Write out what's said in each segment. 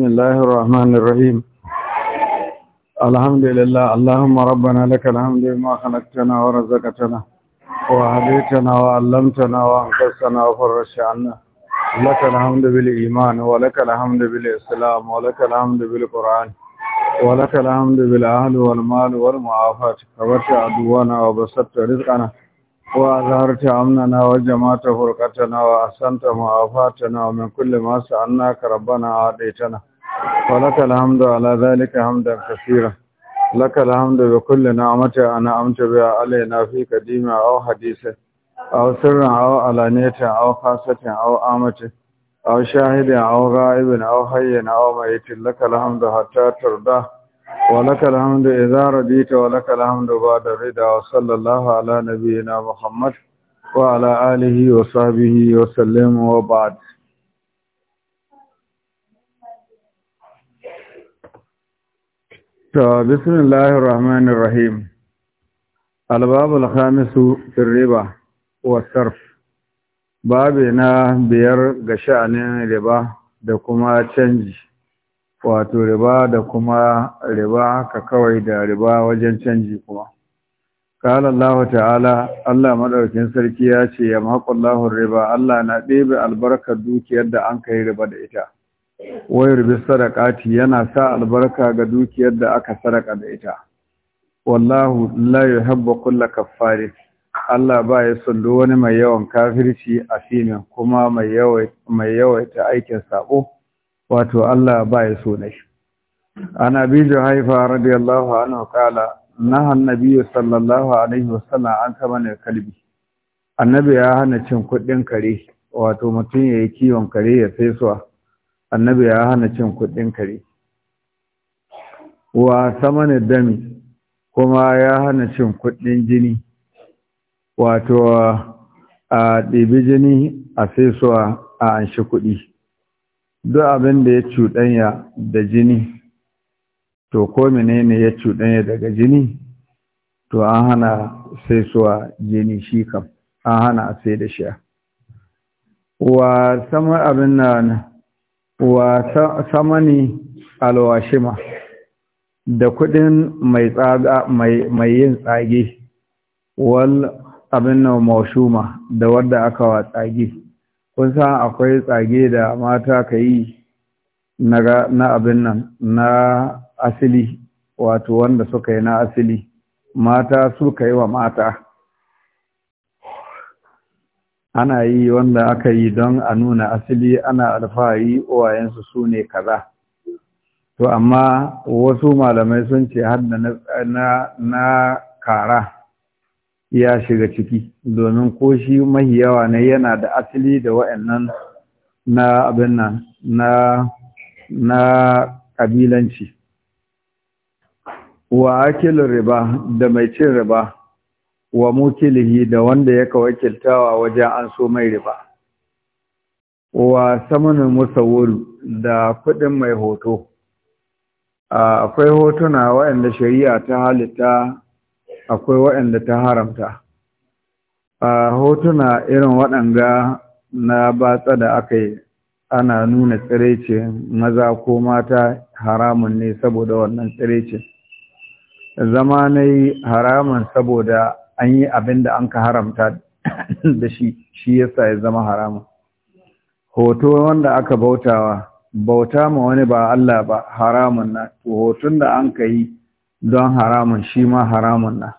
بسم الله الرحمن الرحيم الحمد لله اللهم ربنا لك الحمد بما خلقتنا ورزقتنا وهديتنا وعلمتنا وانقذتنا وفرجت عنا لك الحمد بالإيمان ولك الحمد بالإسلام ولك الحمد بالقرآن ولك الحمد بالأهل والمال والمعافاة كبرت عدونا وبسطت رزقنا وأظهرت أمننا وجمعت فرقتنا وأحسنت معافاتنا ومن كل ما سألناك ربنا عاديتنا ولك الحمد على ذلك حمدا كثيرا لك الحمد بكل نعمة أنا أمت بها علينا في قديمة أو حديثة أو سر أو علانية أو خاصة أو آمة أو شاهد أو غائب أو حي أو ميت لك الحمد حتى ترضى ولك الحمد إذا رضيت ولك الحمد بعد الرضا وصلى الله على نبينا محمد وعلى آله وصحبه وسلم وبعد To, bismillahir rahmanir khamisu fil riba wa na biyar ga sha'anin riba da kuma canji. Wato riba da kuma riba ka kawai da riba wajen canji kuma. Kala Allah ta'ala, Allah maɗaukin sarki ya ce, ya maƙon riba, Allah na ɗebe albarkar dukiyar da an kai riba da ita. wayar bi sadaqati yana sa albarka ga dukiyar da aka sadaka da ita wallahu la yuhibbu kull kaffarin Allah ba ya son duk wani mai yawan kafirci a fimin kuma mai yawaita aikin sabo wato Allah ba ya so ana bi da haifa radiyallahu anhu kala naha annabi sallallahu alaihi wasallam an kama ne kalbi annabi ya hana cin kuɗin kare wato mutum yayi kiwon kare ya sai suwa annabi ya hana cin kuɗin kare wa samanin dami kuma ya hana cin kuɗin jini wato a ɗibi jini a su a anshi kuɗi duk abin da ya cuɗanya da jini to ko menene ya cuɗanya daga jini to an hana a jini shi kam an hana a sai da shi wa saman abin na wa samani alwashima da kudin mai tsaga mai yin tsage wal abin nan da wadda aka wa tsage kun san akwai tsage da mata ka yi na abin nan na asili wato wanda suka yi na asili mata suka yi wa mata ana yi wanda aka yi don a nuna asali ana alfahari uwayensu su ne kaza to amma wasu malamai sun ce har da na, na kara ya shiga ciki domin ko shi mahi yawa ne yana da asali da wa'annan na abin nan na na kabilanci wa akilin riba da mai cin riba wa mukilihi da wanda yaka wakiltawa wajen an so mai riba wa samanin musawwir da kuɗin mai hoto akwai hotuna waɗanda shari'a ta halitta akwai waɗanda ta haramta A hotuna irin waɗanga na batsa da aka yi ana nuna tsiraici maza ko mata haramun ne saboda wannan tsiraice zama na haramun saboda an yi abin da an ka haramta da shi shi yasa ya zama haramun hoto wanda aka bautawa bauta ma wani ba Allah ba haramun na hoton da an ka yi don haramun shi ma haramun na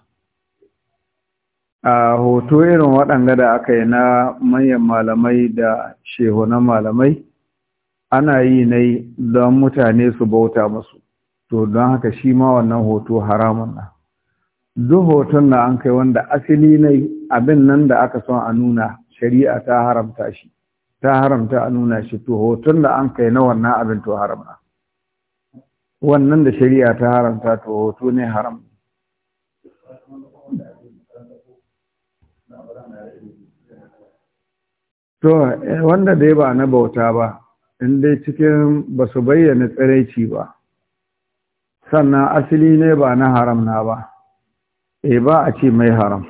a hoto irin waɗanga da aka yi na manyan malamai da shehunan malamai ana yi yi don mutane su bauta musu to don haka shi ma wannan hoto haramun na duk hoton na an kai wanda asali ne abin nan da aka son a nuna shari'a ta haramta shi ta haramta a nuna shi to hoton da an kai na wannan abin to haramta wannan da shari'a ta haramta to hoto ne haram to eh, wanda dai ba na bauta ba in dai cikin ba su bayyana tsiraici ba sannan asali ne ba na haramna ba eh ba a ce mai haram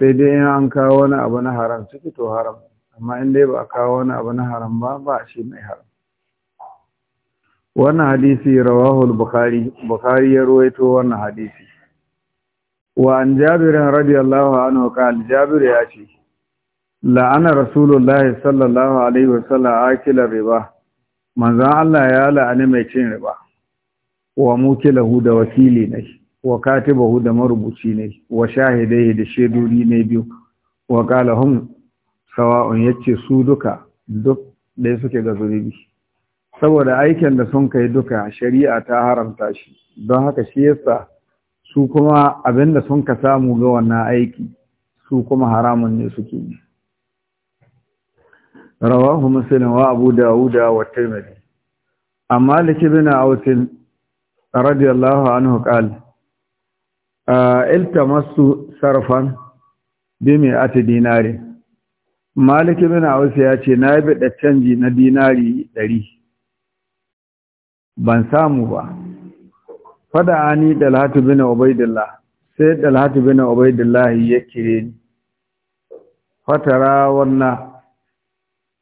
sai dai in an kawo wani abu na haram ciki to haram amma in dai ba a kawo wani abu na haram ba ba a ce mai haram wannan hadisi rawahu bukhari bukhari ya ruwaito wannan hadisi wa an jabir radiyallahu anhu qala jabir ya ce la'ana rasulullah sallallahu alaihi wasallam akila riba manzo Allah ya la'ani mai cin riba wa mukilahu da wakili ne wa katibahu da marubuci ne wa shahidai da shaiduri ne biyu wa qala hum sawa'un yace su duka duk da suke ga zunubi saboda aikin da sun kai duka shari'a ta haramta shi don haka shi yasa su kuma abinda sun ka samu ga wannan aiki su kuma haramun ne suke yi rawahu muslim wa abu dawud wa tirmidhi amma likibina awtin radiyallahu anhu qala iltamasu sarfan bimi mai ati dinari Maliki, ibn aus ya ce na bi da canji na dinari ɗari. ban samu ba fada ani dalhatu bin ubaidillah sai dalhatu bin ubaidillah ya kire ni fatara wannan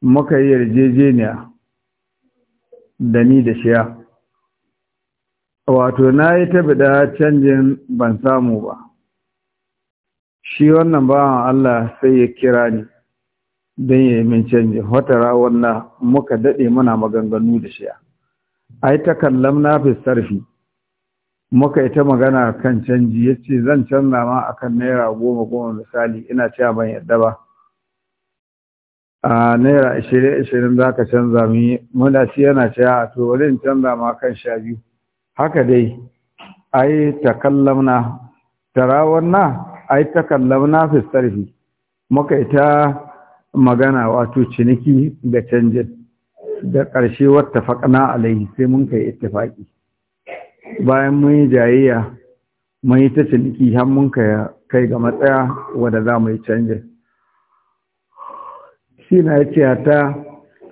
muka yi yarjejeniya da ni da shiya wato na yi ta bida canjin ban samu ba shi wannan bawan Allah sai ya kira ni don ya yi min canji wata wannan muka daɗe muna maganganu da shi ai ta kallam na fi sarfi muka yi ta magana kan canji ya ce zan canza ma akan naira goma goma misali ina cewa ban yadda ba a naira ashirin ashirin za ka canza mu muna ci yana cewa to wani canza ma kan sha biyu haka dai ai takallamna na ai takallamna fi sarfi muka ita magana wato ciniki da canjin da ƙarshe wata faƙana alaihi sai mun kai ittifaƙi bayan mun yi jayayya mun yi ta ciniki har mun kai ga matsaya wadda za mu yi canjin shi na ya ce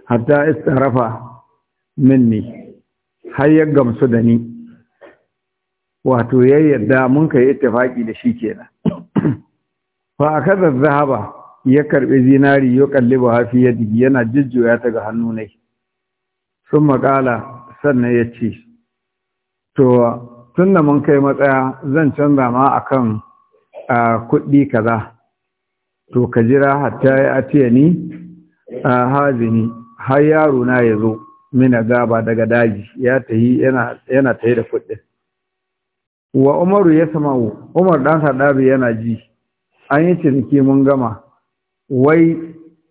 hatta istarafa minni har ya gamsu da ni wato ya yarda mun kai ittifaki da shi kenan fa akaza zahaba ya karɓi zinari ya kalliba hafi ya digi yana jujjuya ta ga hannu ne sun makala sannan ya ce to tun da mun kai matsaya zan canza ma akan kuɗi kaza to ka jira hatta ya atiya ni hazini har yaro na ya zo mina gaba daga daji ya tahi yana tahi da kuɗin wa umaru ya sama'u umar dan hadabi yana ji an yi ciniki mun gama wai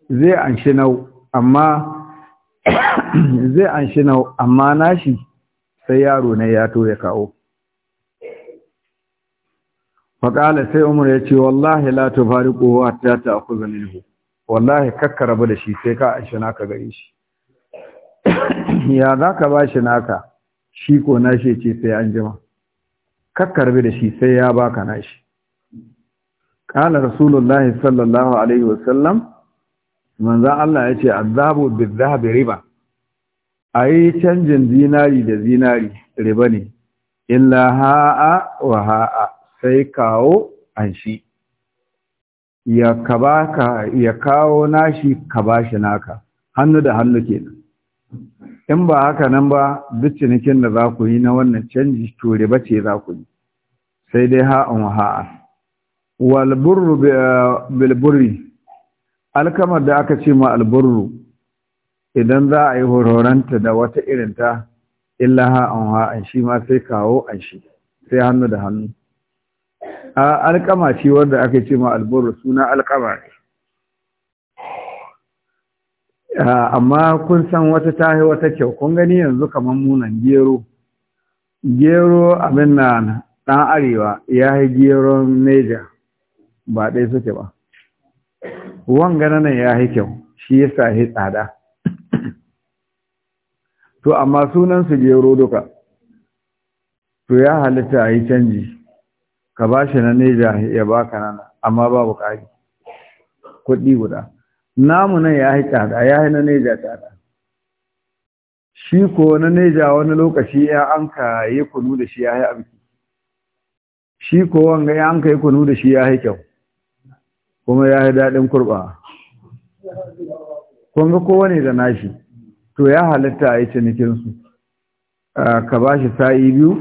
zai anshi nau amma zai nau amma nashi sai yaro ne ya to ya kawo faƙala sai umar ya ce wallahi la ta ta ta'khudha minhu wallahi kakka rabu da shi sai ka anshi naka gare shi ya zaka bashi naka shi ko nashi ce sai an jima kakkarbe da shi sai ya baka nashi kana rasulullahi sallallahu alaihi wasallam manzan Allah yace ce azabu bizahabi riba a canjin zinari da zinari riba ne illa ha'a wa ha'a sai kawo an shi ya kabaka ya kawo nashi ka bashi naka hannu da hannu kenan in ba haka nan ba duk cinikin da za ku yi na wannan canji tore ba ce za ku yi sai dai ha'an ha'a. walburru bilburri eh, alkamar da aka ce ma alburru idan za a yi hororanta da wata irinta illa ha'an ha'an shi ma sai kawo an shi sai hannu da hannu alkama ce wanda aka ce ma alburru suna alkama Ah, amma kun san wata ta wata kyau kun gani yanzu kamar munan gero gero abin na ɗan arewa ya yi geron neja ba ɗaya suke ba wangana nan ya yi kyau shi ya sa yi tsada to amma sunansu gero duka to ya halitta a yi canji ka ba shi na neja ya baka nana amma babu ƙari kuɗi guda namu nan ya yi tsada ya yi na neja tsada shi ko na neja wani lokaci ya an ka yi kunu da shi ya yi abiki shi ko wanga ya an ka yi kunu da shi ya yi kyau kuma ya yi daɗin kurɓa kun ga kowane da nashi to ya halitta a yi cinikinsu ka ba shi sa'i biyu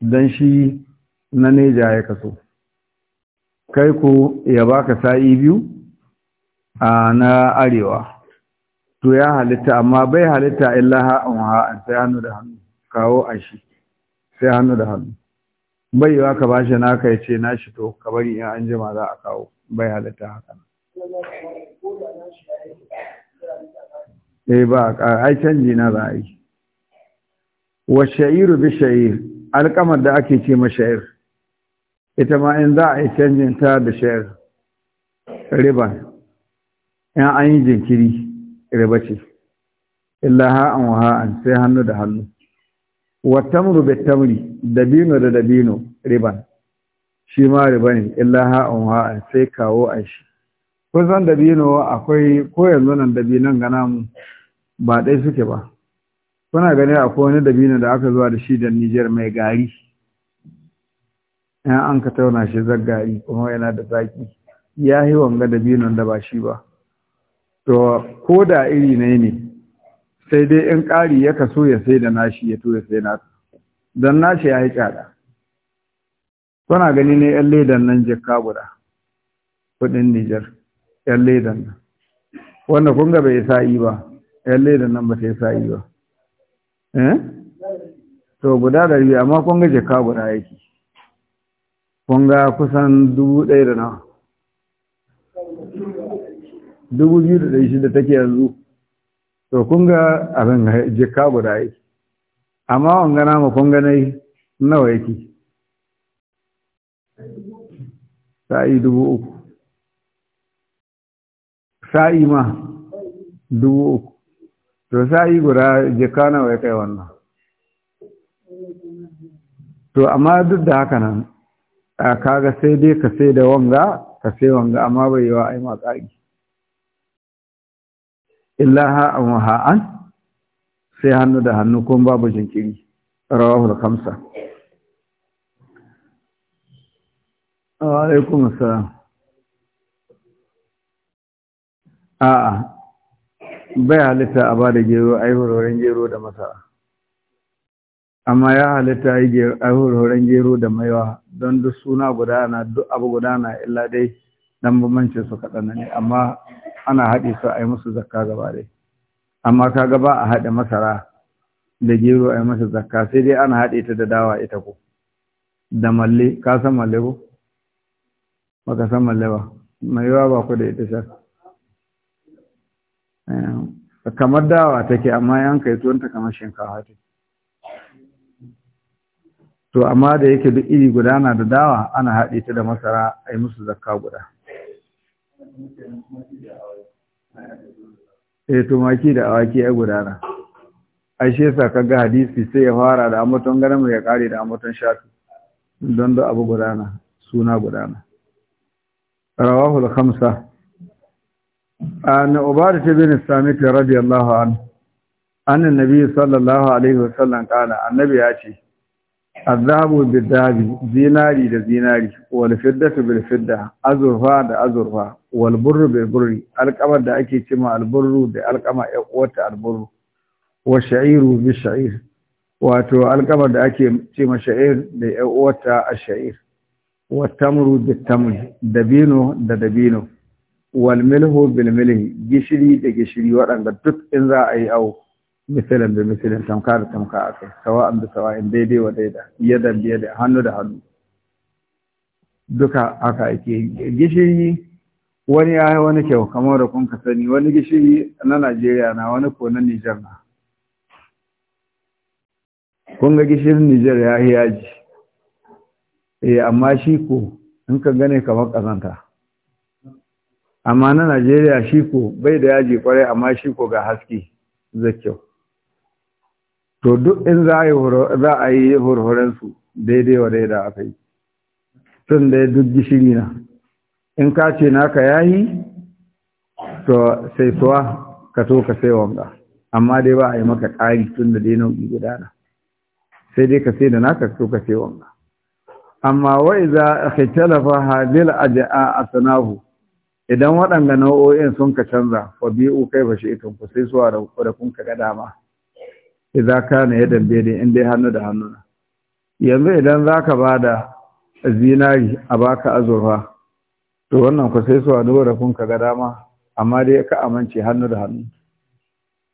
don shi na neja ya kaso kai ko ya baka sa'i biyu na arewa to ya halitta amma bai halitta illa ha'an ha'an sai hannu da hannu kawo shi sai hannu da hannu bai yiwa ka bashi na kai ce na shi to ka bari in an jima za a kawo bai halitta haka eh ba ai canji na za a yi wa sha'iru bi sha'ir alƙamar da ake ce ma sha'ir ita ma in za a yi canjin ta da sha'ir riba in an yi jinkiri riba ce illa ha'an wa ha'an sai hannu da hannu wa bi tamri dabino da dabino riban shi ma riba ne illa ha'an wa ha'an sai kawo a shi kusan dabino akwai ko yanzu nan dabinan gana mu ba ɗai suke ba kuna gani akwai wani dabino da aka zuwa da shi da Nijar mai gari in an ka tauna shi zaggari kuma yana da zaki ya yi wanga dabinon da ba shi ba to ko da iri ne ne sai dai in ƙari ya kaso ya sai da nashi ya to ya sai na don nashi ya yi tsada kuna gani ne yan ledan nan jikka guda kudin Nijar yan ledan nan wanda kun ga bai sa'i ba yan ledan nan ba sai sa'i ba eh to guda da biyu amma kun ga jikka guda yake kun ga kusan dubu ɗaya da nawa dubu biyu da ɗari shida take yanzu to kun ga abin jikka guda yake amma wanga ma kun ga nai nawa yake sa'i dubu uku sa'i ma dubu uku to sa'i guda jikka nawa ya kai wannan to amma duk da haka nan kaga sai dai ka sai da wanga ka sai wanga amma bai yi wa ai ma ƙagi illaha an waha'an sai hannu da hannu kuma babu jinkiri rawahul kamsa alaikum assalam a'a bai halitta a ba da gero a yi hororen gero da masara amma ya halitta a yi horon gero da maiwa don duk suna gudana duk abu gudana illa dai dan bambancin su kaɗan ne amma ana haɗe su a yi musu zakka gaba dai amma ka gaba ba a haɗe masara da gero a yi masa zakka sai dai ana haɗe ta da dawa ita ko da malle ka san malle ko ba ka san malle ba mai yawa ba ku da ita shar eh, kamar dawa take amma yanka tuwon ta kamar shinkawa ce. to amma da yake duk iri guda na da dawa ana haɗe ta da masara a yi musu zakka guda eh tumaki da awaki ya gudana ai shi yasa kaga hadisi sai ya fara da ambaton ganin ya kare da ambaton shatu don da abu gudana suna gudana al khamsa an ubadah bin samit radiyallahu anhu annan nabi sallallahu alaihi wasallam kana annabi ya ce azabu bidabi zinari da zinari wal fiddatu bil fidda azurfa da azurfa walburru bil burri alkamar da ake ce ma alburru da alkama ya uwata alburru wa sha'iru bi sha'ir wato alkamar da ake ce ma sha'ir da ya uwata a sha'ir wa tamru da tamri dabino da dabino wal milhu bil milhi gishiri da gishiri waɗanda duk in za a yi awo misalin da misalin tamka da tamka a kai sawa'an da sawa'in daidai wa daida yadan da hannu da hannu duka haka ake gishiri wani ya yi wani kyau kamar da kun ka sani wani gishiri na najeriya na wani ko na nijar na kun ga gishirin nijar ya yi yaji eh amma shi ko in ka gane kamar kazanta amma na najeriya shi ko bai da yaji kwarai amma shi ko ga haske zai kyau to duk in za a yi hurhurensu daidai wa daidai aka yi tun da duk gishiri na in ka ce naka yayi to sai suwa ka so ka sai wanga amma dai ba a yi maka ƙari tun da dai nau'i guda na sai dai ka sai da naka so ka sai wanga amma wa iza khitalafa hadil ajaa asnahu idan waɗanda nau'o'in sun ka canza wa biyu kai ba shi ku sai suwa da da kun ka ga dama idza kana dambe bede in dai hannu da hannu yanzu idan zaka da zinari a baka azurfa to wannan ku sai su a dora kun ka ga dama amma dai ka amince hannu da hannu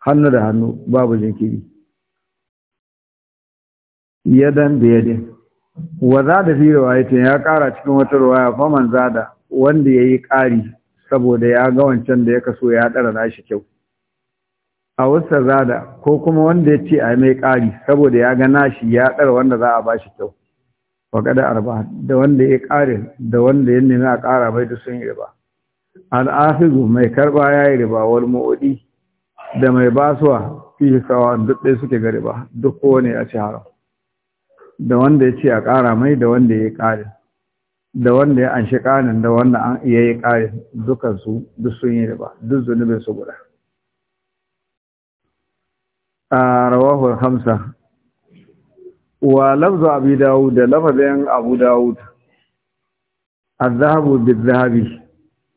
hannu da hannu babu jinkiri yadan da yadin wa za da fi riwayatin ya kara cikin wata riwaya faman zada wanda ya yi ƙari saboda ya ga wancan da ya kaso ya ɗara nashi kyau a wasa zada ko kuma wanda ya ce a mai ƙari saboda ya ga nashi ya ɗara wanda za a ba shi kyau wa arba da wanda ya kare da wanda ya nemi a kara bai da sun yi riba al'afizu mai karɓa ya yi riba wal mu'udi da mai basuwa fi sawa duk ɗaya suke ga riba duk kowane a ci haram da wanda ya ce a ƙara mai da wanda ya kare da wanda ya anshi ƙarin da wanda an iya yi karin dukansu duk sun yi riba duk zunubin su guda a rawahul hamsa wa lafzu abi dawud da lafazin abu dawud azhabu Zahabi,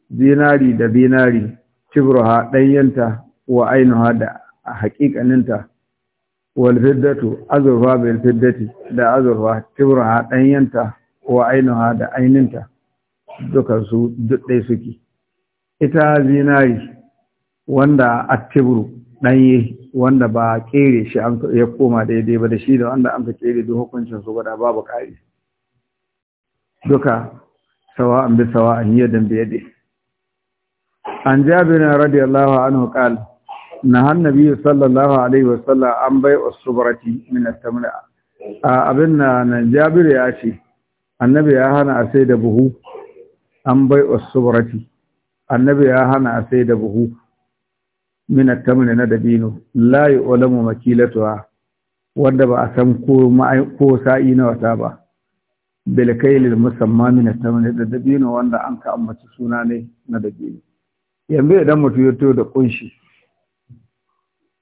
dinari da dinari tibruha dayyanta wa ainuha da haqiqaninta wal fiddatu azurfa bil fiddati da azurfa tibruha dayyanta wa ainuha da aininta dukan su duk dai suke ita zinari wanda attibru ɗanye wanda ba kere shi an ya koma daidai ba da shi da wanda an fi kere duk hukuncin su guda babu ƙari duka sawa an bi sawa an yi yadda bi dai an na radiyallahu anhu kal na han nabi sallallahu alaihi wasallam an bai usubrati min at A abin nan jabir ya ce annabi ya hana a sai da buhu an bai usubrati annabi ya hana a sai da buhu min at na dabino la yu'lamu makilatuha wanda ba a san ko ko sa'i nawa ta ba bil kaylil musamma min at da dabino wanda an ka suna ne na dabino yanzu idan mutum ya da kunshi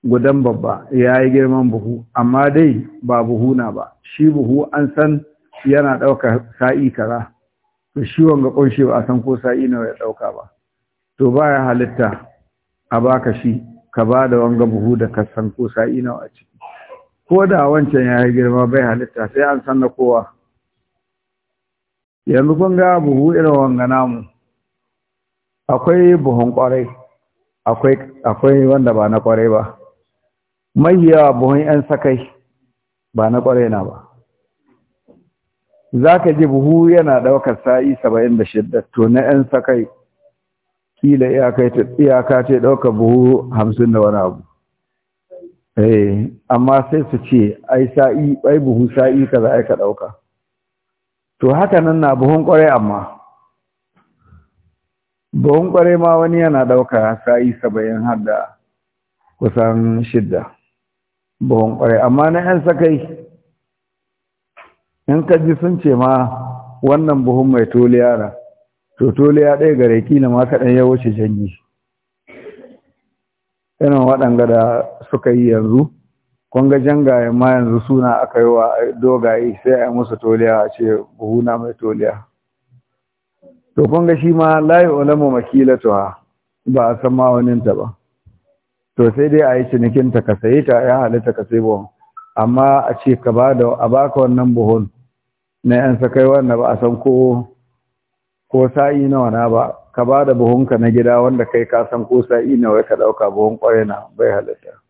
gudan babba ya yi girman buhu amma dai ba buhu na ba shi buhu an san yana ɗaukar sa'i kaza to shi wanga kunshi ba a san ko sa'i nawa ya ɗauka ba to ba ya halitta a baka shi ka ba da wanga buhu da ka san ko sa'i nawa a ciki ko da wancan ya yi girma bai halitta sai an san na kowa yanzu kun ga buhu irin wanga namu akwai buhun kwarai akwai wanda ba na kwarai ba mai yawa buhun 'yan sakai ba na kwarai na ba za ka ji buhu yana ɗaukar sa'i saba'in da shidda, to na 'yan sakai kila iyaka ce ɗauka buhu hamsin da wani abu eh amma sai su ce ai sa'i ai buhu sa'i kaza ai ka ɗauka to haka nan na buhun ƙwarai amma buhun ƙwarai ma wani yana ɗauka sa'i saba'in har da kusan shidda buhun ƙwarai amma na 'yan sakai in ka ji sun ce ma wannan buhun mai toliyara to tole ya ɗaya gare kila ma kaɗan ya wuce janyi yana waɗanga da suka yi yanzu kwanga jangaye ma yanzu suna aka yi wa dogaye sai a yi musu toliya a ce buhuna mai toliya to kwanga shi ma layi makila tuwa ba a san ma ta ba to sai dai a yi cinikin ta sayi ta ya halitta ka sai buhun amma a ce ka ba da a baka wannan buhun na yan kai wannan ba a san ko ko sa'i nawa na ba ka ba da buhunka na gida wanda kai ka san ko sa'i nawa ka ɗauka buhun ƙwarai na bai halitta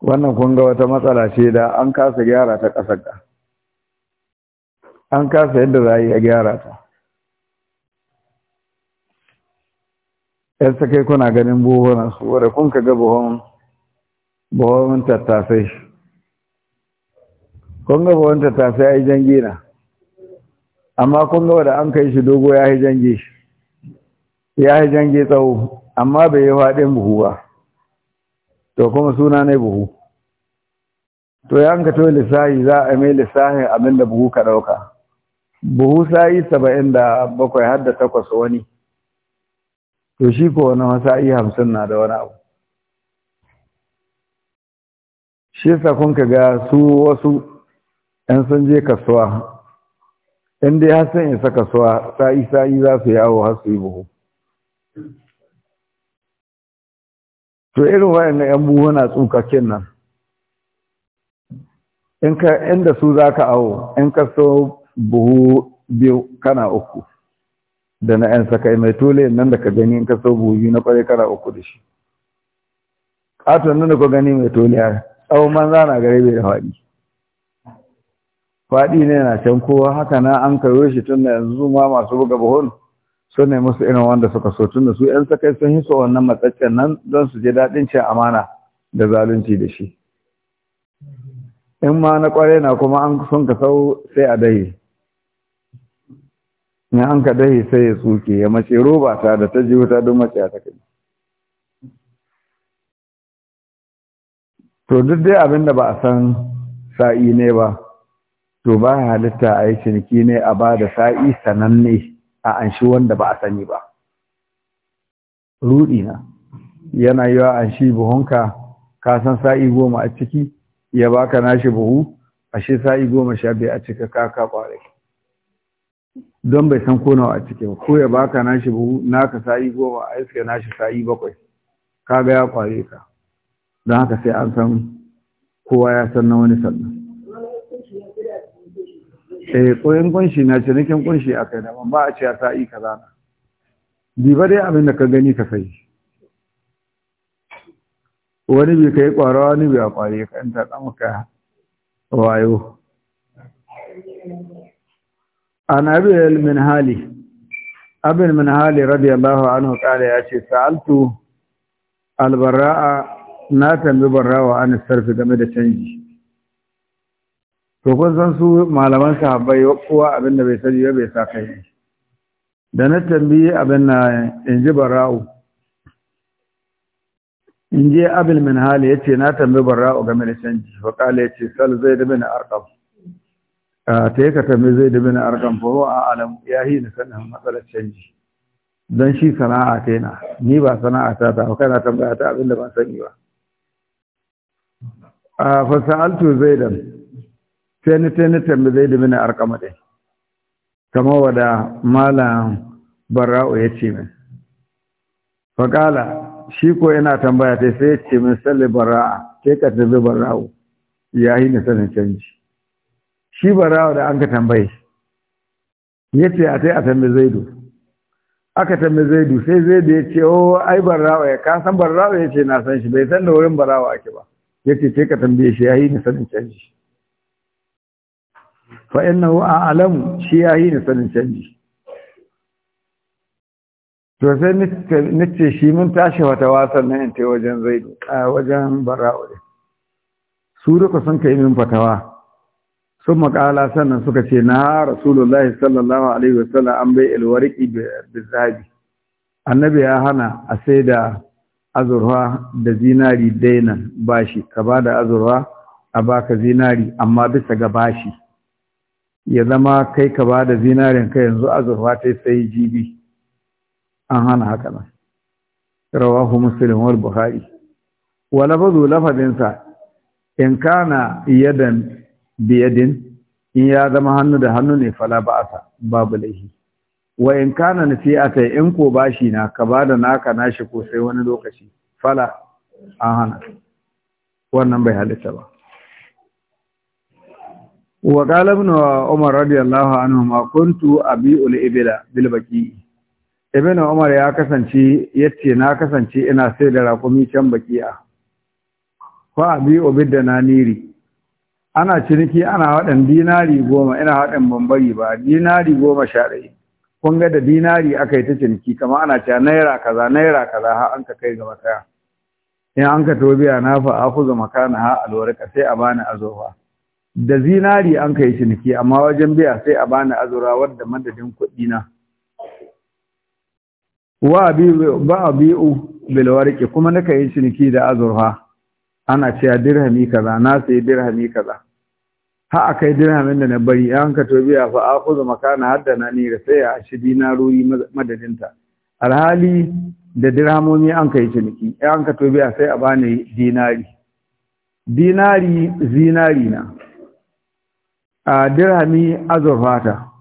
wannan kun ga wata matsala ce da an kasa gyara ta ƙasar ka an kasa yadda za a yi a gyara ta yadda kai kuna ganin buhunan su wadda kun ka ga buhun tattasai kun ga buhun tattasai a yi jan gina amma kun ga wanda an kai shi dogo ya yi jange shi ya yi jange tsawo amma bai yi faɗin buhu ba to kuma suna ne buhu to ya ka to lissahi za a mai lissahin abin da buhu ka ɗauka buhu sa'i saba'in da bakwai har da takwas wani to shi ko wani sa'i hamsin na da wani abu shi sa kun ka ga su wasu 'yan sun je kasuwa in dai har san in saka suwa sa'i sa'i za su yawo har su yi buhu to irin wayan na yan na tsukakin nan in ka inda su za ka awo in ka so buhu biyu kana uku da na yan saka mai tole nan da ka gani in ka so buhu biyu na kwarai kana uku da shi katon nan da ka gani mai tole a tsawon manza na gare bai da faɗi faɗi ne na can kowa haka na an karo shi tun da yanzu ma masu buga buhun su ne musu irin wanda suka so tun da su ‘yan sakai sun hiso wannan matsaccen nan don su je daɗin cin amana da zalunci da shi in ma na ƙware na kuma an sun ka sau sai a dahi in an ka dahi sai ya tsuke ya mace roba ta da ta ji wuta don mace ta kai to duk dai abin da ba a san sa'i ne ba to ba halitta a yi ciniki ne a ba da sa'i sananne a anshi wanda ba a sani ba ruɗi na yana yi wa anshi buhunka ka san sa'i goma a ciki ya baka nashi buhu ashe sa'i goma sha biyu a cika kaka ƙware. don bai san kona a ciki ko ya baka nashi buhu naka sa'i goma a iska nashi sa'i bakwai ka ga ya ƙware ka don haka sai an san kowa ya san na wani sannan eh koyon kunshi na cinikin kunshi a kai da ba a ce a sa'i kaza na diba dai abin da ka gani ka sai wani bi kai kwara wani bi a kware ka in ta tsama ka wayo an abin min hali abin min hali radiyallahu anhu kala ya ce sa'altu albara'a na tambi barrawa an sarfi game da canji to kun san su malaman sahabbai kowa abin da bai sani ba bai sa kai da na tambayi abin na in ji bara'u in je abin min hali ya ce na tambayi bara'u game da canji wa ya ce sal zai da bin arkam ta yi ka tambayi zai da bin arkam fa a alam ya yi da sanin matsalar canji don shi sana'a ta yana ni ba sana'a ta ta kana tambaya ta abin da ba sani ba a zai zaidan sai ni ta ni tambi zai da mini arkama ɗai kamar wada malam bara'u ya ce min faƙala shi ko yana tambaya ta sai ya ce min salli bara'a ke ka tafi bara'u ya yi ni sanin canji shi bara'u da an ka tambaye ya ce a tai a tambi zaidu aka tambi zaidu sai zaidu ya ce o oh, ai bara'u ya ka san bara'u ya ce na san shi bai san da wurin bara'u ake ba ya ce ce ka tambaye shi ya yi ni sanin canji fa a a'lamu shi ya yi sanin canji to sai nace shi mun tashi wata wasan na yanta wajen a wajen bara'u su duka sun yi min fatawa sun makala sannan suka ce na rasulullahi sallallahu alaihi wasallam an bai ilwariki da zabi annabi ya hana a sai da azurwa da zinari dainan bashi ka ba da azurwa a baka zinari amma bisa ga bashi ya zama kai ka ba da zinarin ka yanzu azurfa ta sai jibi an hana haka nan rawahu muslim wal buhari wa lafazu lafadinsa in kana yadan biyadin in ya zama hannu da hannu ne fala ba'asa babu laihi wa in kana nafi'ata in ko bashi na ka ba da naka nashi ko sai wani lokaci fala an hana wannan bai halitta ba wa qala ibn umar radiyallahu anhu ma kuntu abi'ul ibila bil baqi umar ya kasance yace na kasance ina sai da raƙumi can baqiya fa abi'u na niri ana ciniki ana waɗan dinari goma ina waɗan bambari ba dinari goma sha ɗaya kun ga da dinari akayi ta ciniki kama ana cewa naira kaza naira kaza har an ka kai gaba kaya in an ka tobiya na fa aku ga makana ha alwarka sai a bani azofa da zinari an kai ciniki amma wajen biya sai a bani azura wadda madadin kuɗi na wa ba a bil warqi kuma kai yi ciniki da azurfa ana cewa dirhami kaza na sai dirhami kaza ha akai dirhamin da na bari an ka to biya fa akuzu makana haddana ni da sai a shi dinarori madadinta alhali da dirhamomi an kai ciniki an ka to biya sai a bani dinari dinari zinari na a azurfa ta,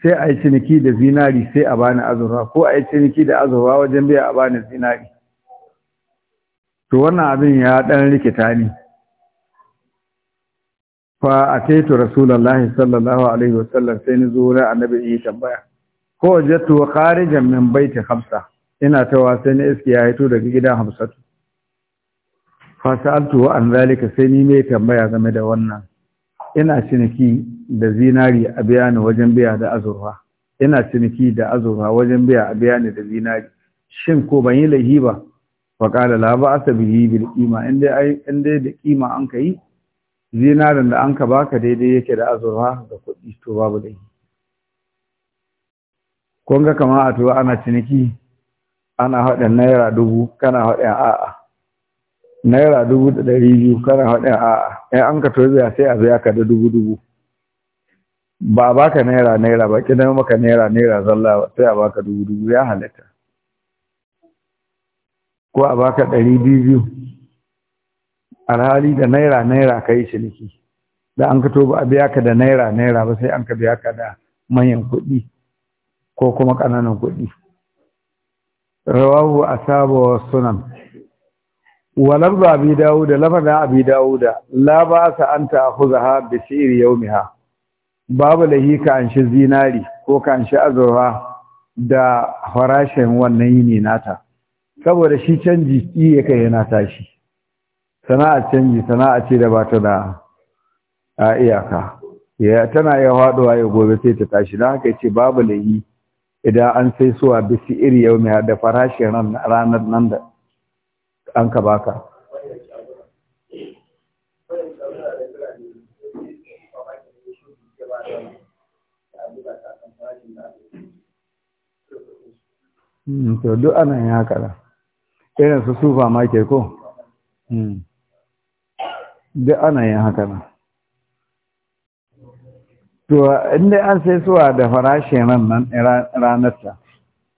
sai a yi ciniki da zinari sai a bani azurfa ko a yi ciniki da azurfa wajen biya a bani zinari to wannan abin ya dan rikita ne fa a taito rasulallahi sallallahu alaihi wasallam sai ni zuwa annabi yi tambaya ko wajattu kharijan min baiti hamsa ina tawa sai ni iski ya hito daga gida hamsatu fa sa'altu an zalika sai ni mai tambaya game da wannan ina ciniki da zinari a biya ni wajen biya da azurfa ina ciniki da azurfa wajen biya a biya ni da zinari shin ko ban yi laihi ba fa qala la ba asabihi bil qima in dai in dai da qima an kai zinarin da an ka baka daidai yake da azurfa da kuɗi to babu laihi kun ga kama a tuwa ana ciniki ana haɗa naira dubu kana haɗa a'a naira dubu da ɗari biyu kana haɗe a ɗan an ka tozuya sai a biya ka da dubu dubu ba a baka naira naira ba kidan maka naira naira zalla sai a baka dubu dubu ya halitta ko a baka ɗari biyu biyu alhali da naira naira ka yi ciniki da an ka to ba a biya ka da naira naira ba sai an ka biya ka da manyan kuɗi ko kuma ƙananan kuɗi a asabu sunan wa lafza abi da lafza abi dawud la ba sa an ta'khuzaha bi shi'r yawmiha babu lahi ka anshi zinari ko ka an shi da farashin wannan yini nata saboda shi canji iya kai yana tashi sana'a canji sana'a ce da ba ta da a iyaka ya tana ya faduwa ya gobe sai ta tashi dan haka yace babu lahi idan an sai suwa bi shi'r yawmiha da farashin ranar nan da an ka baka hmm, to duk ana ya kara, irin su sufa ma ke ko hmm. duk ana yin haka da to inda an sai suwa da farashin nan nan ranarta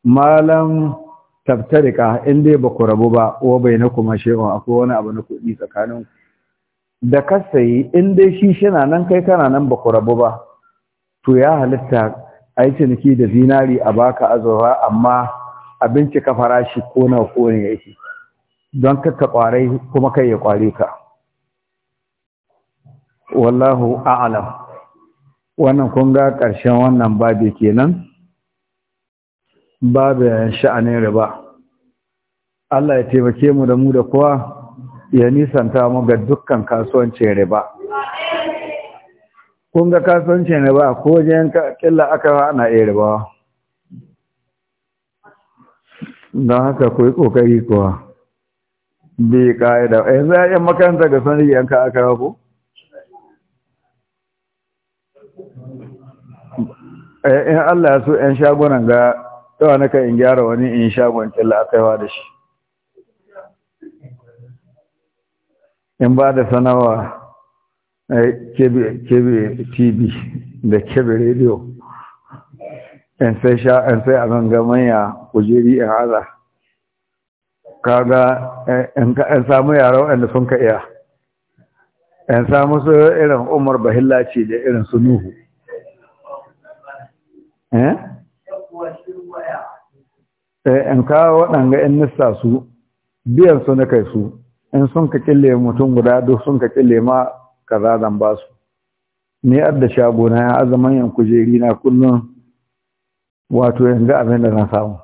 malam tabtarika in dai ba ku rabu ba wa bai na kuma shewa akwai wani abu na kuɗi tsakanin da ka sayi in dai shi shina nan kai kana nan ba ku rabu ba to ya halitta a yi ciniki da zinari a baka azurfa amma a bincika farashi ko na ko ne yake don ka kwarai kuma kai ya kware ka wallahu a'lam wannan kun ga ƙarshen wannan babi kenan babu sha'anin riba Allah ya taimake mu da mu da kowa ya nisanta mu ga dukkan kasuwancin riba kun ga kasuwancin riba ko wajen kila aka ana iya riba don haka ku yi ƙoƙari kuwa bi ƙa'ida yanzu ya makaranta ga sanar yanka aka haku? Eh, in Allah ya so ‘yan shagunan ga yawa na kan in gyara wani in shagon ƙilla akaiwa da shi in ba da sanawa kebe tv da kebe rediyo in sai sha in sai a ganga manya kujeri in haza kaga in samu yara waɗanda sun ka iya in samu su irin umar bahillaci da irin su nuhu eh Eh, in kawo waɗanga in nista su biyan su na kai su in sun ka kille mutum guda duk sun ka kille ma kaza zan ba su ni adda shago na ya azaman yan kujeri na kullum wato yanzu abin da na samu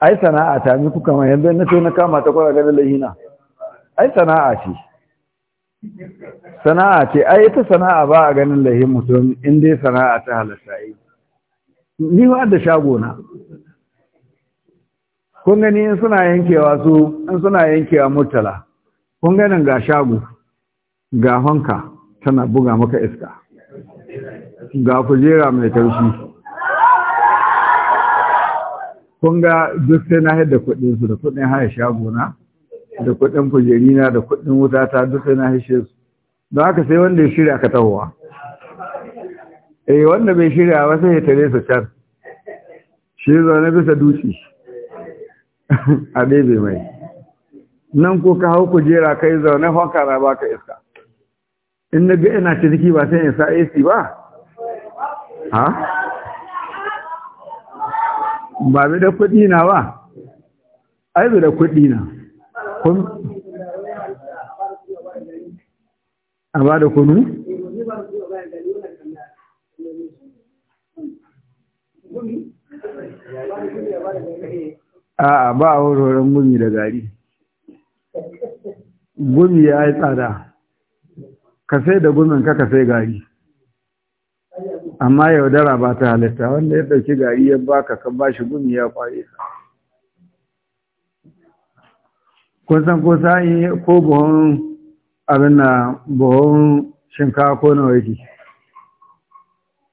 ai sana'a ta mi kuka ma yanzu na to na kama ta kwara ga lahina ai sana'a ce sana'a ce ai ita sana'a ba a ganin lahin mutum in dai sana'a ta halatta yi ni ba da shago na kun gani in suna yankewa su in suna yankewa murtala kun ganin ga shago ga honka tana buga maka iska ga kujera mai taushi kun ga duk sai na haɗa su da kuɗin haya na, da kuɗin kujerina da kuɗin wutata duk sai na haishe su don haka sai wanda ya shirya ka tahowa eh wanda bai shirya ba sai ya tare su can shi zaune bisa dutse a ɗebe mai nan ko ka hau kujera kai zaune hankara ba ka iska in na ga ina ciniki ba sai in sa AC ba ha ba bi da kuɗi na ba ai bi da kuɗi na a ba da kunu? Thank you. a'a ba a warwarin gumi da gari gumi ya yi tsada ka sai da gumin ka ka sai gari amma yaudara ba ta halitta wanda ya ɗauki gari ya baka ka ba shi gumi ya kwaye ka kun san ko ko buhun abin na buhun shinkafa ko nawa yake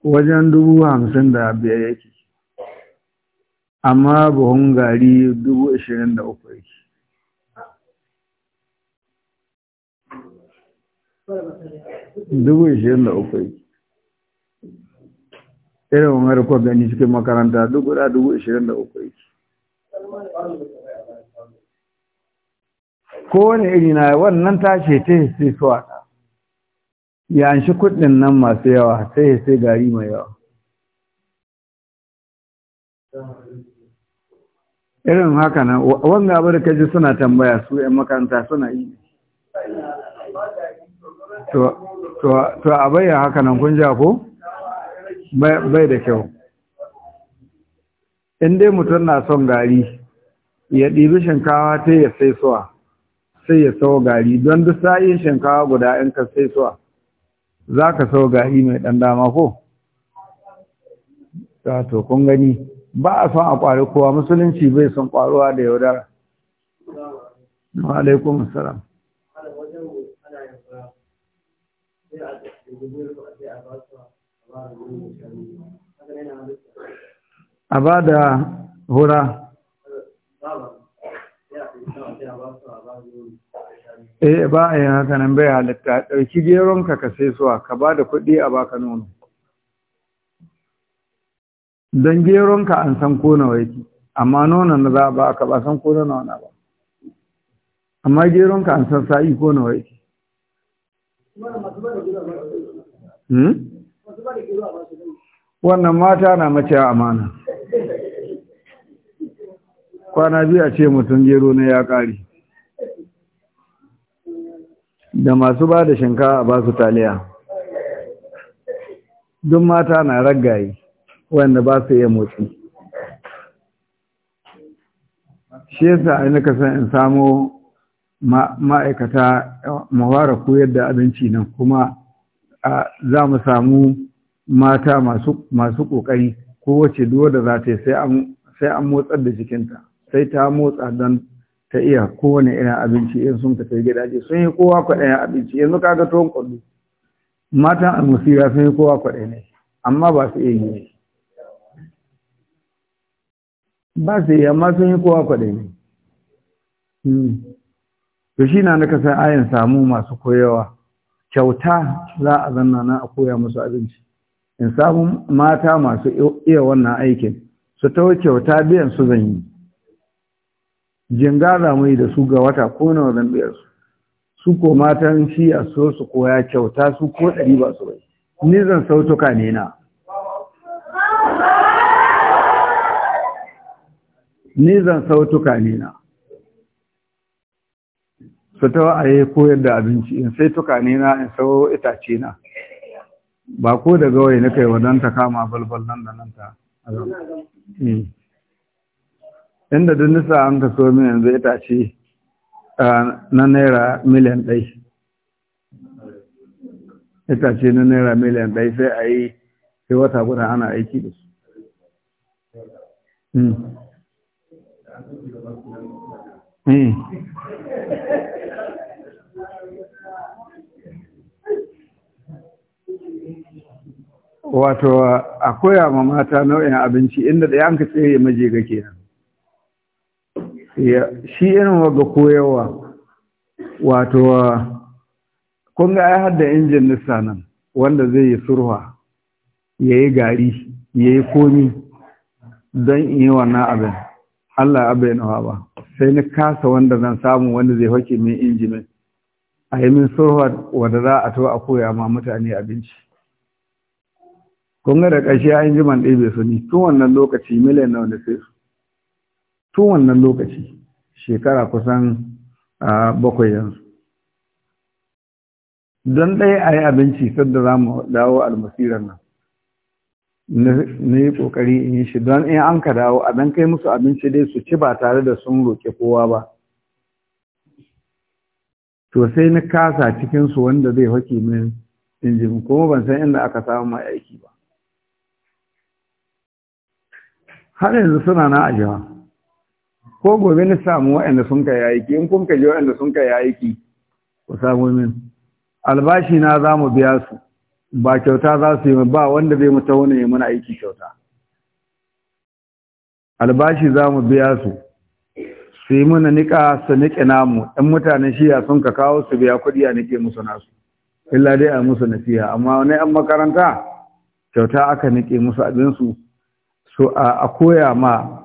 wajen dubu hamsin da biyar yake amma buhun gari dubu ashirin da uku yake dubu ashirin da uku yake irin wani kwa gani cikin makaranta duk guda dubu ashirin da uku yake kowane iri na wannan tashi ta sai suwa ya shi kudin nan masu yawa sai hisse gari mai yawa irin haka nan wanga abu da kaji suna tambaya su ‘yan makaranta suna yi to a bayyana haka nan kun ja ko bai da kyau in dai mutum na son gari ya ɗibi shinkawa ta ya sai suwa sai ya sau gari don duk sa'in shinkawa guda in ka sai suwa za ka sau gari mai ɗan dama ko? to kun gani ba a son a ƙwari kowa musulunci bai son ƙwaruwa da yaudara Alaikun musulam. a ba da hura eh ba a yi hakanan bai halitta ɗauki geron ka ka sai suwa ka ba da kuɗi a baka nono don geronka an san ko nawa yake amma nonon na za ba ka ba san ko nawa na ba amma geronka an san sa'i ko nawa yake hmm? wannan mata na mace amana kwana biyu a ce mutum gero na ya ƙari da masu ba da shinkawa ba su taliya duk mata na ragaye wanda ba su iya motsi shi yasa ai ka san in samo ma'aikata mawara koyar da abinci nan kuma za mu samu mata masu ƙoƙari ko wace duwa da za ta yi sai an motsar da jikinta sai ta motsa don ta iya kowane irin abinci in sun tafi gidaje sun yi kowa kwaɗayen abinci yanzu kaga tuwon kwallo matan almusira sun yi kowa ne, amma ba su iya yi ne ba su yi amma sun yi kowa kwaɗe ne hmm. to shi na naka san ayin samu masu koyawa kyauta za a zanna na a koya musu abinci in samu mata masu iya wannan aikin su ta kyauta biyan su zan yi jinga mai da su ga wata ko nawa zan biyar su su ko matan shi a so su koya kyauta su ko ɗari ba su bai ni zan sautuka ne na ni zan sautuka ne na su ta wa'aye koyar da abinci in sai tuka ne na in sau itace na ba ko da gawayi na kai wadanta kama balbal nan da nan ta eh. inda duk nisa an ka so min yanzu itace na naira miliyan ɗai itace na naira miliyan ɗai sai a yi sai wata guda ana aiki da su hmm. Hmm. wato a koya ma mata nau'in abinci inda da yanka tsere maje ga nan. shi irin waga koyarwa wato kun ga ya hadda injin nisa nan wanda zai yi surwa ya yi gari ya yi komi don yi wannan abin Allah ya abai nawa ba sai ni kasa wanda zan samu wanda zai hake min injimin a yi min sohar wadda za a to a koya ma mutane abinci kun ga da ƙarshe a injiman ɗaya bai suni, ni tun wannan lokaci miliyan nawa da sai su tun wannan lokaci shekara kusan bakwai yanzu don ɗaya a yi abinci sadda za mu dawo almasirar nan na yi ƙoƙari in yi shi don in an ka dawo a ɗan kai musu abinci dai su ci ba tare da sun roƙe kowa ba to sai na kasa cikinsu wanda zai haƙi min injin kuma ban san inda aka samu mai aiki ba har yanzu suna na a jiha ko gobe na samu waɗanda sun kai aiki in kun ji waɗanda sun kai aiki ku samu min albashi na za mu biya su ba kyauta za su yi ba wanda zai mu wani ne muna aiki kyauta albashi za mu biya su su yi muna nika su niƙe namu 'yan mutanen shiya sun ka kawo su biya kuɗi a nike musu nasu illa dai a musu nafiya. amma wani yan makaranta kyauta aka nike musu abinsu so a koya ma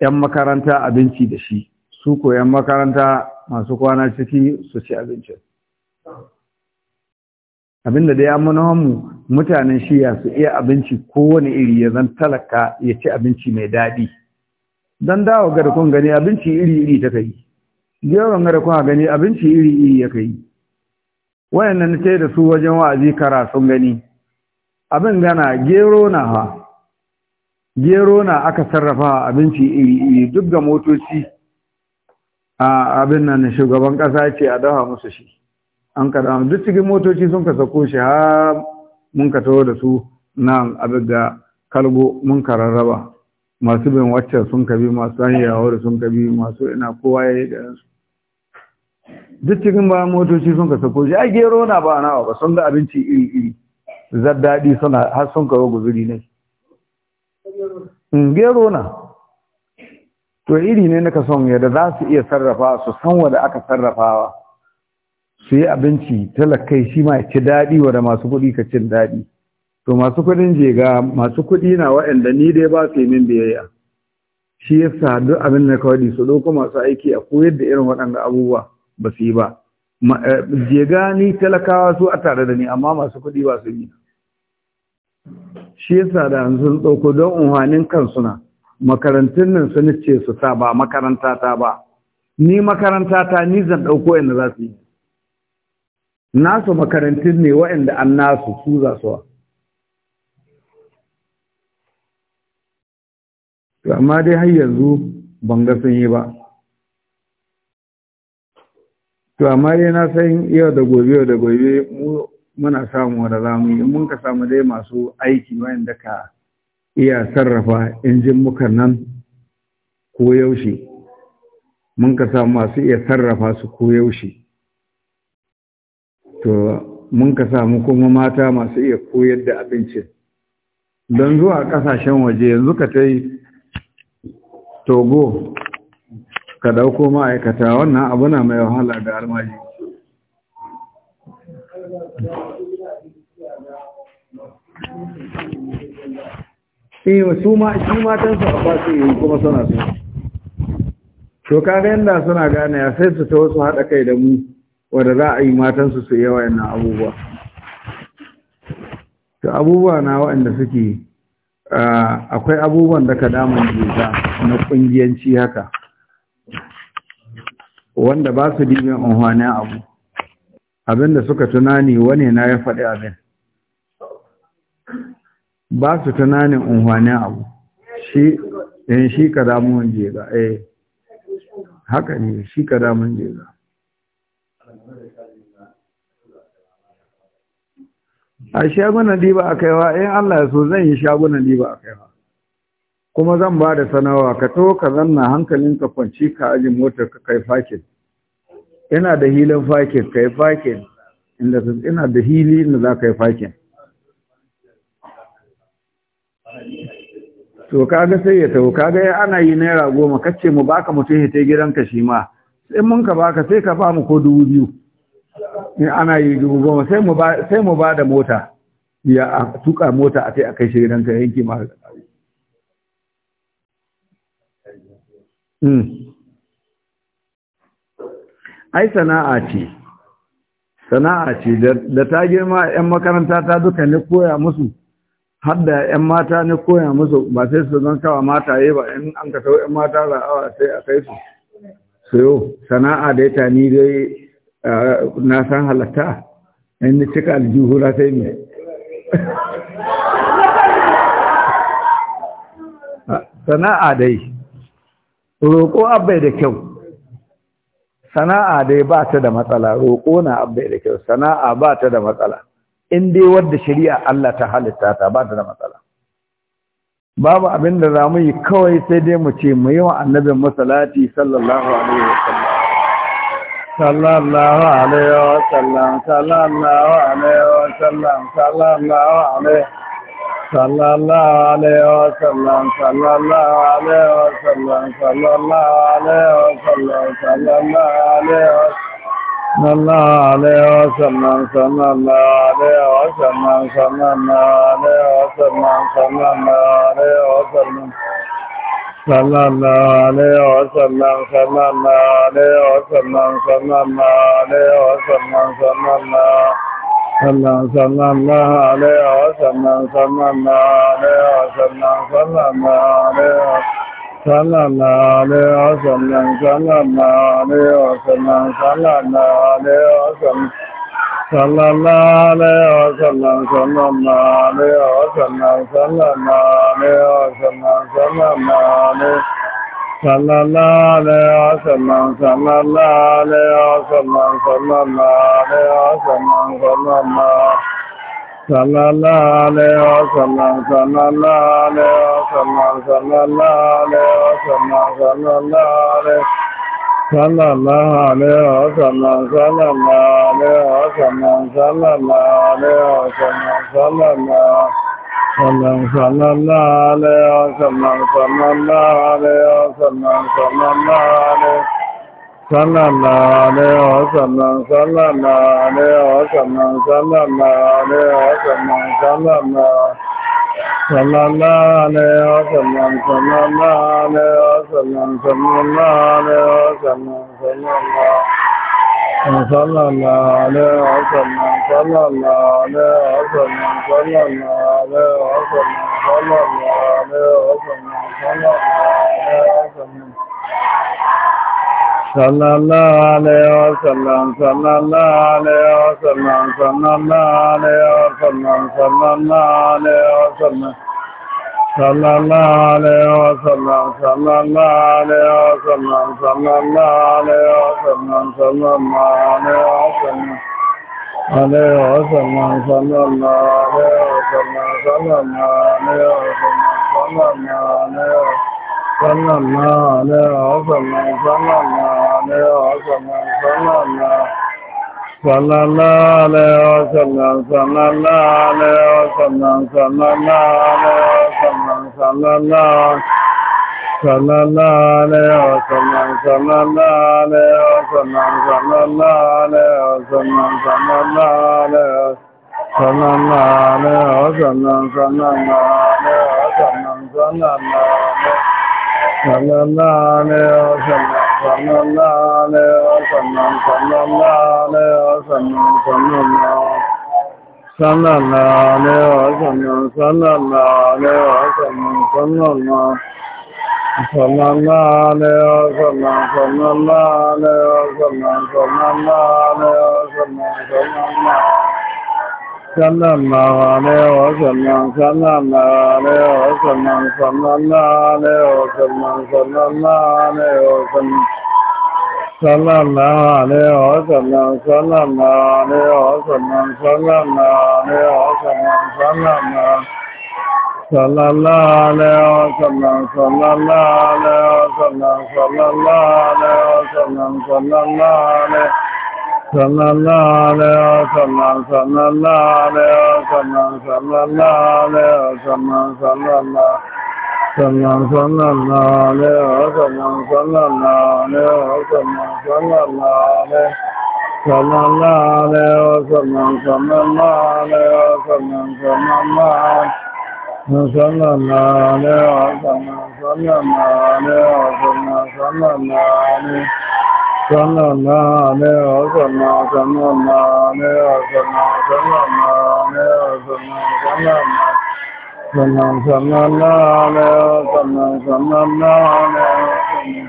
yan makaranta abinci da shi su ko yan makaranta masu kwana ciki su ci abincin abinda da ya mu mutanen shiya su iya abinci kowane iri ya zan talaka ya ci abinci mai daɗi don dawo ga kun gani abinci iri-iri ta kai geron ga da kun gani abinci iri-iri ya kai wayannan na ce da su wajen wa'azi kara sun gani abin gana gero na ha gero na aka sarrafa abinci iri-iri duk ga motoci a abin nan shugaban ƙasa ce a dawa musu shi an kaɗa duk cikin motoci sun ka sako shi ha mun ka da su nan abinda kalgo mun ka rarraba masu bin wacce sun ka bi masu hanyawa da sun ka bi masu ina kowa ya yi da yansu duk cikin bayan motoci sun ka sako shi ai gero na ba nawa ba sun ga abinci iri iri daɗi suna har sun karo guzuri ne mm, gero na to iri ne na ka son yadda za su iya sarrafa su san wanda aka sarrafawa su yi abinci talakai shi ma ci daɗi wa da masu kuɗi ka cin daɗi to masu kuɗin jega masu kuɗi na waanda ni dai ba su yi min biyayya shi ya sa duk abin da kawai su ɗauko masu aiki a koyar da irin waɗanda abubuwa ba su yi ba eh, jega ni talakawa su a tare da ni amma masu kuɗi ba su yi shi ya sa da sun ɗauko don unhanin kansu na makarantun nan sun ce su ta ba makaranta ta ba ni makaranta ta ni zan ɗauko yadda za su yi nasu makarantun ne waɗanda an nasu su za su wa amma dai har yanzu ban ga sun yi ba to amma dai na san yau da gobe yau da gobe muna samu wanda za mu yi mun ka samu dai masu aiki wanda ka iya sarrafa injin mukan nan ko yaushe mun ka samu masu iya sarrafa su ko yaushe to mun ka samu kuma mata masu iya koyar da abincin don zuwa kasashen waje yanzu ka ta yi togo ka dauko ma'aikata wannan abu na mai wahala da almaji matan eh, su a basu yi kuma suna su to kaga yadda suna gane ya sai su ta wasu haɗa kai da mu wadda za a yi matansu su yawa yana abubuwa ta abubuwa na waɗanda suke akwai abubuwan da ka damun jita na ƙungiyanci haka wanda ba su dimin unhwanin abu abinda suka tunani wane na ya faɗi abin ba su tunanin unhwanin abu shi eh, shi ka damun jiza eh haka ne shi ka damun jiza a shagunan diba a kaiwa in Allah ya so zan yi shagunan diba a kaiwa kuma zan ba da sanawa ka to ka zanna hankalin ka kwanci ka aji motar ka kai fakin ina da hilin fakin kai fakin inda ina da hili inda za ka yi fakin to kaga sai ya tau, kaga ya ana yi naira goma kace mu baka mutum ya tai gidanka shi ma sai mun ka baka sai ka ba mu ko dubu biyu in ana yi dubu goma sai mu ba da mota ya a tuka mota a kai a kai shi ka yanki ma hmm. ai sana'a ce sana'a ce da ta girma 'yan makaranta ta duka ne koya musu har da 'yan mata ne koya musu ba sai su zan kawa mata ba in an ka sau 'yan mata ra'awa sai a kai su sayo sana'a da ya tani dai Ah, na san halatta in ni cika aljihu na sai mai ah, sana'a dai roƙo abai da kyau sana'a dai ba ta da matsala roƙo na abai da kyau sana'a ba ta da matsala in dai wadda shari'a Allah ta halitta ta ba ta da matsala babu abin da za mu yi kawai sai dai mu ce mu yi wa annabin masalati sallallahu alaihi wasallam sallallahu alaihi wa sallam sallallahu alaihi wa sallam sallallahu alaihi sallallahu alaihi wa sallam sallallahu alaihi wa sallam sallallahu alaihi wa sallam sallallahu alaihi wa sallallahu alaihi wa sallam sallallahu alaihi wa sallam sallallahu alaihi wa sallam sallallahu alaihi wa sallam သမ္မာမာနေယောသမ္မာသမ္မာမာနေယောသမ္မာသမ္မာမာနေယောသမ္မာသမ္မာမာသမ္မာသမ္မာမာနေယောသမ္မာသမ္မာမာနေယောသမ္မာသမ္မာမာနေယောသမ္မာမာနေယောသမ္မာသမ္မာမာနေယောသမ္မာသမ္မာမာနေယောသမ္မာသလလာလေဩသလံသလနာလေဩသလံသလနာလေဩသလံသလနာလေသလလာလေဩသလံသလနာလေဩသလံသလနာလေဩသလံသလနာသလလာလေဩသလံသလနာလေဩသလံသလနာလေဩသလံသလနာလေသမ္မာလေဟောသမ္မာသမ္မာလေဟောသမ္မာသမ္မာလေဟောသမ္မာသမ္မာသမ္မာသမ္မာလေဟောသမ္မာသမ္မာလေဟောသမ္မာသမ္မာလေသမ္မာလေဟောသမ္မာသမ္မာလေဟောသမ္မာသမ္မာလေဟောသမ္မာသမ္မာ a Sallallahu Alaihi Wasallam. صلى الله عليه وسلم صلى الله عليه وسلم صلى الله عليه وسلم صلى الله عليه وسلم صلى الله عليه وسلم صلى الله عليه وسلم صلى الله عليه وسلم صلى الله عليه وسلم عليه وسلم صلى الله عليه وسلم صلى الله عليه وسلم صلى الله عليه وسلم သမ္မာနာရောသမ္မာသမ္မာနာရောသမ္မာသမ္မာနာသလလာလေဩသမံသမလာလေဩသမံသမလာလေဩသမံသမလာသမလာလေဩသမံသမလာလေဩသမံသမလာလေဩသမံသမလာလေဩသမလာလေဩသမံသမလာလေဩသမံသမလာသမ္မာနေသမ္မာသမ္မာနေသမ္မာသမ္မာနေသမ္မာသမ္မာသမ္မာနေသမ္မာသမ္မာနေသမ္မာသမ္မာသမ္မာနေသမ္မာသမ္မာနေသမ္မာသမ္မာနေသမ္မာသမ္မာ sannan na alewa sannan sannan na alewa sannan sannan na alewa sannan sannan na alewa သမ္မာလာလေသမ္မာသမ္မာလာလေသမ္မာသမ္မာလာလေသမ္မာသမ္မာလာသမ္မာသမ္မာလာလေသမ္မာသမ္မာလာလေသမ္မာသမ္မာလာလေသမ္မာလာလေသမ္မာသမ္မာလာလေသမ္မာသမ္မာလာသမ္မာသမ္မာလာလေသမ္မာသမ္မာလာလေသမ္မာသမ္မာလာလေသမ္မာနာမေယောသမ္မာသမ္မာနာမေယောသမ္မာသမ္မာနာမေယောသမ္မာသမ္မာနာသမ္မာသမ္မာနာမေယောသမ္မာသမ္မာနာမေယော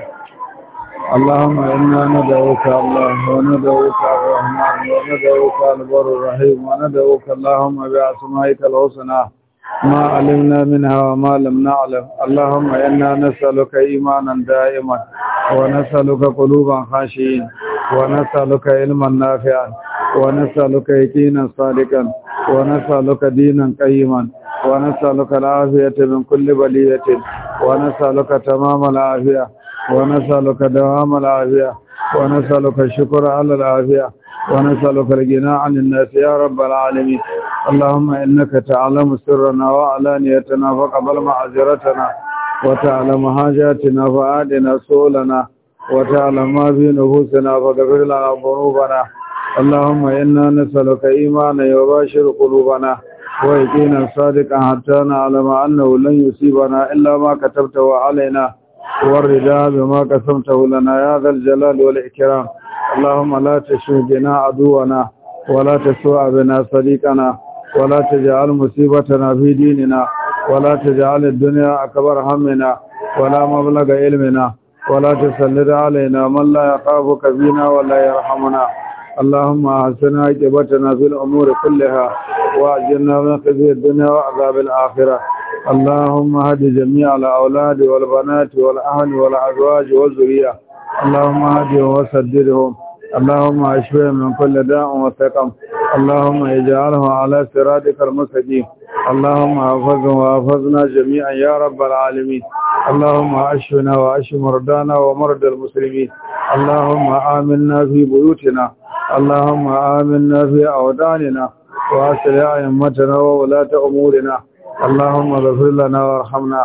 اللهم إنا ندعوك الله وندعوك الرحمن وندعوك البر الرحيم وندعوك اللهم بأسمائك الحسنى ما علمنا منها وما لم نعلم اللهم إنا نسألك إيمانا دائما ونسألك قلوبا خاشعين ونسألك علما نافعا ونسألك يقينا صادقا ونسألك دينا قيما ونسألك العافية من كل بلية ونسألك تمام العافية ونسألك دوام العافية ونسألك الشكر على العافية ونسألك الجناء عن الناس يا رب العالمين اللهم إنك تعلم سرنا وعلانيتنا فقبل معذرتنا وتعلم حاجاتنا فآدنا سؤلنا وتعلم ما في نفوسنا فاغفر لنا ذنوبنا اللهم إنا نسألك إيمانا يباشر قلوبنا ويقينا صادقا حتى نعلم أنه لن يصيبنا إلا ما كتبته علينا والرضا بما قسمته لنا يا ذا الجلال والإكرام اللهم لا تشو بنا عدونا ولا تسوء بنا صديقنا ولا تجعل مصيبتنا في ديننا ولا تجعل الدنيا أكبر همنا ولا مبلغ علمنا ولا تسلط علينا من لا يخافك فينا ولا يرحمنا اللهم أحسن عجبتنا في الأمور كلها وأجلنا من خزي الدنيا وعذاب الآخرة اللهم هد جميع الأولاد والبنات والأهل والأزواج والذرية اللهم هدهم وسددهم اللهم اشفهم من كل داء وسقم اللهم اجعله على صراطك المستقيم اللهم احفظه واحفظنا جميعا يا رب العالمين اللهم اشفنا واشف مرضانا ومرضى المسلمين اللهم آمنا في بيوتنا اللهم آمنا في أوداننا وأسرع أئمتنا وولاة أمورنا اللهم اغفر لنا وارحمنا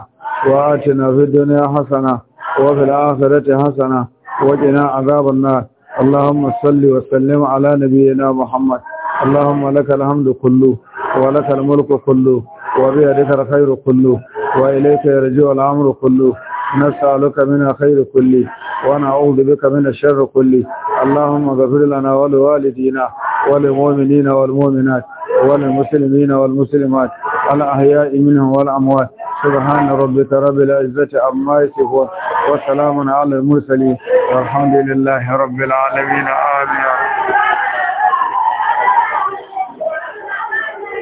وآتنا في الدنيا حسنة وفي الآخرة حسنة وقنا عذاب النار اللهم صل وسلم على نبينا محمد اللهم لك الحمد كله ولك الملك كله وبيدك الخير كله وإليك يرجع الأمر كله نسألك من الخير كله ونعوذ بك من الشر كله اللهم اغفر لنا ولوالدينا وللمؤمنين والمؤمنات وللمسلمين والمسلمات الأحياء منهم والأموات سبحان ربك رب العزة عما يصفون وسلام على المرسلين والحمد لله رب العالمين آمين